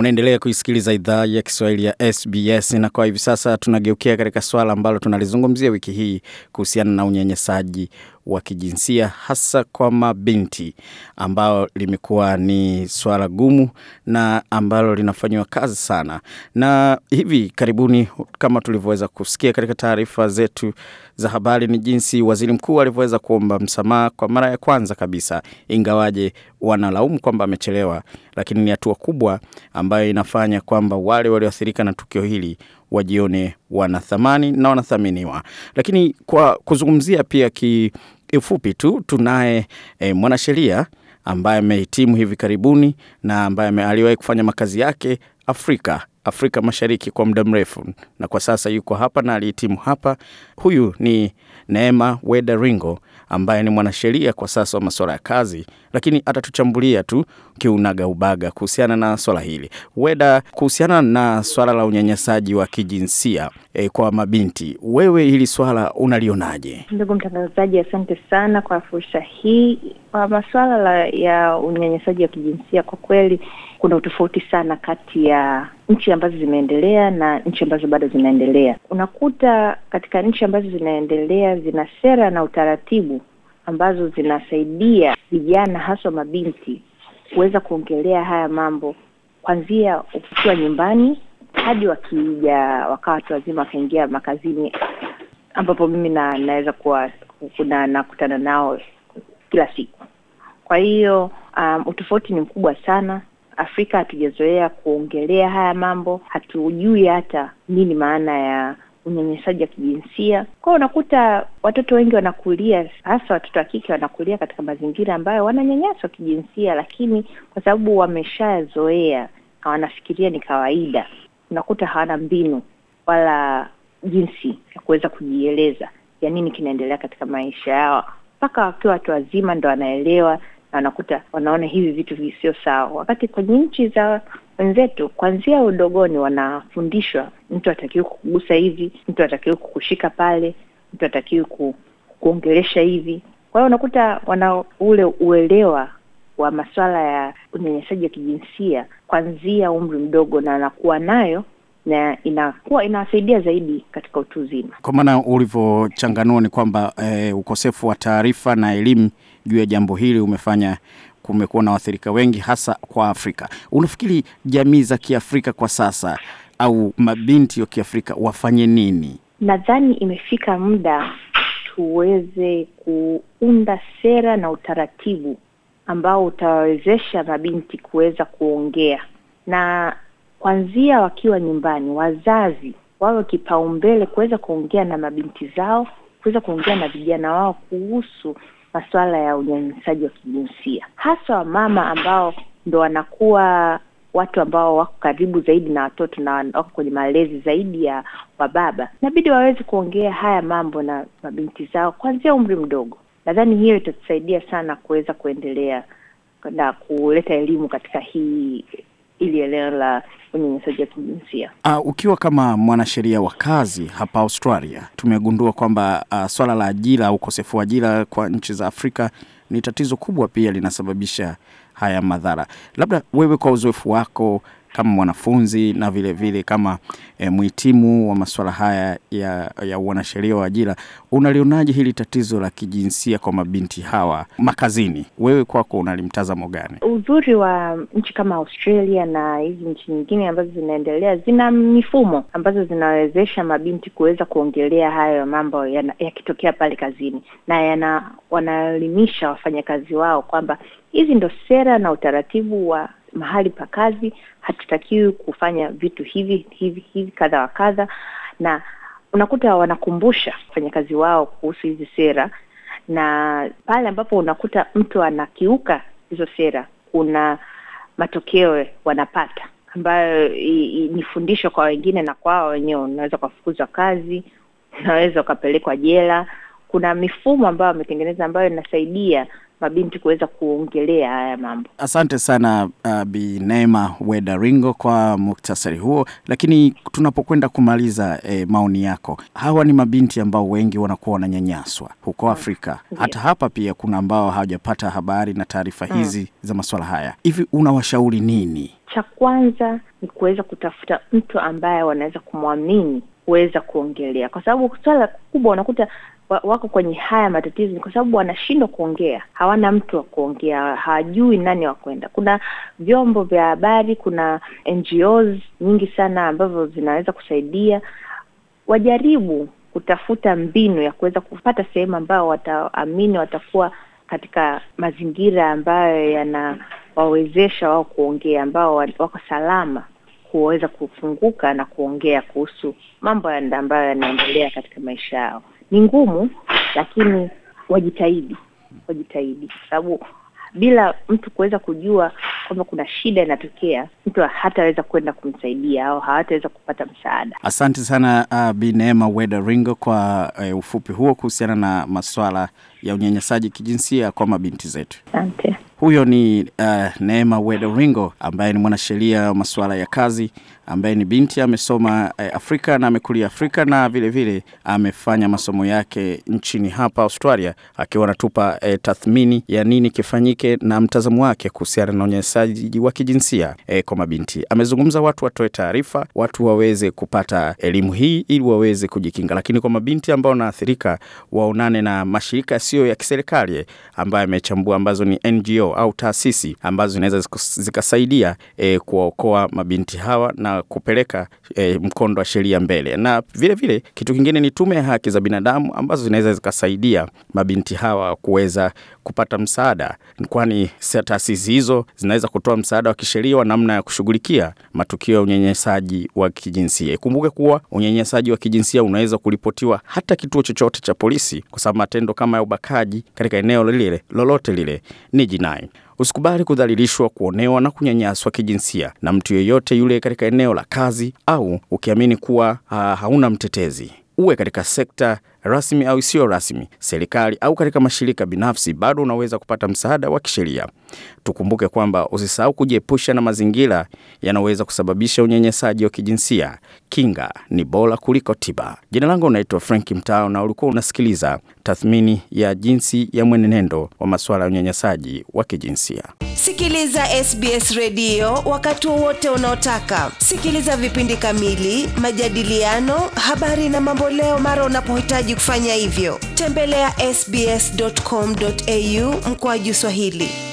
Unaendelea kuisikiliza idhaa ya Kiswahili ya SBS na kwa hivi sasa tunageukia katika swala ambalo tunalizungumzia wiki hii kuhusiana na unyanyasaji wa kijinsia hasa kwa mabinti, ambao limekuwa ni swala gumu na ambalo linafanywa kazi sana. Na hivi karibuni, kama tulivyoweza kusikia katika taarifa zetu za habari, ni jinsi waziri mkuu alivyoweza kuomba msamaha kwa mara ya kwanza kabisa, ingawaje wanalaumu kwamba amechelewa, lakini ni hatua kubwa ambayo inafanya kwamba wale walioathirika na tukio hili wajione wana thamani na wanathaminiwa. Lakini kwa kuzungumzia pia ki kifupi tu tunaye e, mwanasheria ambaye amehitimu hivi karibuni na ambaye aliwahi kufanya makazi yake Afrika Afrika Mashariki kwa muda mrefu na kwa sasa yuko hapa na alihitimu hapa. Huyu ni Neema Weda Ringo ambaye ni mwanasheria kwa sasa wa masuala ya kazi, lakini atatuchambulia tu kiunaga ubaga kuhusiana na swala hili. Weda, kuhusiana na swala la unyanyasaji wa kijinsia e, kwa mabinti, wewe hili swala unalionaje? Ndugu mtangazaji, asante sana kwa fursa hii kwa masuala ya unyanyasaji wa kijinsia kwa kweli kuna utofauti sana kati ya nchi ambazo zimeendelea na nchi ambazo bado zinaendelea. Unakuta katika nchi ambazo zinaendelea zina sera na utaratibu ambazo zinasaidia vijana haswa mabinti kuweza kuongelea haya mambo kwanzia ukiwa nyumbani hadi wakija wakawa watu wazima wakaingia makazini, ambapo mimi na, naweza kuwa nakutana nao kila siku. Kwa hiyo um, utofauti ni mkubwa sana. Afrika hatujazoea kuongelea haya mambo, hatujui hata nini maana ya unyanyasaji wa kijinsia. Kwa hiyo unakuta watoto wengi wanakulia, hasa watoto wa kike wanakulia katika mazingira ambayo wananyanyaswa kijinsia, lakini kwa sababu wameshazoea na wanafikiria ni kawaida, unakuta hawana mbinu wala jinsi ya kuweza kujieleza ya nini kinaendelea katika maisha yao, mpaka wakiwa watu wazima ndo wanaelewa na wanakuta wanaona hivi vitu visio sawa, wakati kwenye nchi za wenzetu kwanzia udogoni wanafundishwa mtu atakiwe kukugusa hivi, mtu atakiwe kukushika pale, mtu atakiwe kuongelesha hivi. Kwa hiyo unakuta wana ule uelewa wa masuala ya unyenyesaji wa kijinsia kwanzia umri mdogo, na anakuwa nayo na inakuwa inawasaidia zaidi katika utu uzima. Kwa maana ulivyochanganua ni kwamba eh, ukosefu wa taarifa na elimu juu ya jambo hili umefanya kumekuwa na waathirika wengi hasa kwa Afrika. Unafikiri jamii za Kiafrika kwa sasa au mabinti wa Kiafrika wafanye nini? Nadhani imefika muda tuweze kuunda sera na utaratibu ambao utawawezesha mabinti kuweza kuongea na kuanzia wakiwa nyumbani, wazazi wawe kipaumbele kuweza kuongea na mabinti zao, kuweza kuongea na vijana wao kuhusu masuala ya unyanyasaji wa kijinsia, hasa wamama ambao ndo wanakuwa watu ambao wako karibu zaidi na watoto na wako kwenye malezi zaidi ya wababa, inabidi waweze kuongea haya mambo na mabinti zao kuanzia umri mdogo. Nadhani hiyo itatusaidia sana kuweza kuendelea na kuleta elimu katika hii ili eneo la unyanyasaji wa kijinsia. Uh, ukiwa kama mwanasheria wa kazi hapa Australia, tumegundua kwamba uh, swala la ajira, ukosefu wa ajira kwa nchi za Afrika ni tatizo kubwa, pia linasababisha haya madhara. Labda wewe kwa uzoefu wako kama mwanafunzi na vile vile kama e, eh, muhitimu wa masuala haya ya, ya wanasheria wa ajira, unalionaje hili tatizo la kijinsia kwa mabinti hawa makazini? Wewe kwako unalimtazamo gani? Uzuri wa nchi kama Australia na hizi nchi nyingine ambazo zinaendelea zina mifumo ambazo zinawezesha mabinti kuweza kuongelea hayo mambo yakitokea ya pale kazini, na yana wanaelimisha wafanyakazi wao kwamba hizi ndo sera na utaratibu wa mahali pa kazi hatutakiwi kufanya vitu hivi hivi hivi kadha wa kadha na unakuta wanakumbusha wafanyakazi wao kuhusu hizi sera na pale ambapo unakuta mtu anakiuka hizo sera kuna matokeo wanapata ambayo ni fundisho kwa wengine na kwao wenyewe unaweza ukafukuzwa kazi unaweza ukapelekwa jela kuna mifumo ambayo wametengeneza ambayo inasaidia mabinti kuweza kuongelea haya mambo. Asante sana uh, Bi Neema Wedaringo kwa muktasari huo. Lakini tunapokwenda kumaliza eh, maoni yako, hawa ni mabinti ambao wengi wanakuwa wananyanyaswa huko mm. Afrika yeah. Hata hapa pia kuna ambao hawajapata habari na taarifa mm. hizi mm. za masuala haya. Hivi unawashauri nini? Cha kwanza ni kuweza kutafuta mtu ambaye wanaweza kumwamini kuweza kuongelea, kwa sababu swala kubwa unakuta wako kwenye haya matatizo ni kwa sababu wanashindwa kuongea, hawana mtu wa kuongea, hawajui nani wa kwenda. Kuna vyombo vya habari, kuna NGOs nyingi sana ambavyo zinaweza kusaidia, wajaribu kutafuta mbinu ya kuweza kupata sehemu ambayo wataamini watakuwa katika mazingira ambayo yanawawezesha wao kuongea, ambao wako salama kuweza kufunguka na kuongea kuhusu mambo ambayo yanaendelea katika maisha yao. Ni ngumu, lakini wajitahidi, wajitahidi kwa sababu bila mtu kuweza kujua kwamba kuna shida inatokea, mtu hataweza kwenda kumsaidia au hawataweza kupata msaada. Asante sana uh, Bi Neema Weda Ringo kwa uh, ufupi huo kuhusiana na maswala ya unyanyasaji kijinsia kwa mabinti zetu. Asante. Huyo ni uh, Neema wedoringo ambaye ni mwanasheria wa masuala ya kazi ambaye ni binti amesoma uh, Afrika na amekulia Afrika na vile vile amefanya masomo yake nchini hapa Australia, akiwa anatupa uh, tathmini ya nini kifanyike na mtazamo wake kuhusiana na unyanyasaji wa kijinsia uh, kwa mabinti. Amezungumza watu watoe taarifa, watu waweze kupata elimu hii ili waweze kujikinga, lakini kwa mabinti ambao wanaathirika waonane na mashirika yasiyo ya kiserikali ambayo amechambua ambazo ni NGO au taasisi ambazo zinaweza zikasaidia e, kuwaokoa mabinti hawa na kupeleka e, mkondo wa sheria mbele. Na vile vile kitu kingine ni tume ya haki za binadamu ambazo zinaweza zikasaidia mabinti hawa kuweza kupata msaada, kwani taasisi hizo zinaweza kutoa msaada wa kisheria wa namna ya kushughulikia matukio ya unyenyesaji wa kijinsia. Ikumbuke kuwa unyenyesaji wa kijinsia unaweza kuripotiwa hata kituo chochote cha polisi, kwa sababu matendo kama ya ubakaji katika eneo lile lolote lile ni jinai. Sinai. Usikubali kudhalilishwa, kuonewa na kunyanyaswa kijinsia na mtu yeyote yule katika eneo la kazi, au ukiamini kuwa ha, ah, hauna mtetezi. Uwe katika sekta rasmi au isiyo rasmi, serikali au katika mashirika binafsi, bado unaweza kupata msaada wa kisheria. Tukumbuke kwamba usisahau kujiepusha na mazingira yanaweza kusababisha unyanyasaji wa kijinsia. Kinga ni bora kuliko tiba. Jina langu unaitwa Frank Mtao na ulikuwa unasikiliza tathmini ya jinsi ya mwenendo wa masuala ya unyanyasaji wa kijinsia. Sikiliza SBS redio wakati wowote unaotaka. Sikiliza vipindi kamili, majadiliano, habari na mambo leo mara unapohitaji unahitaji kufanya hivyo, tembelea sbs.com.au mkoaju Swahili.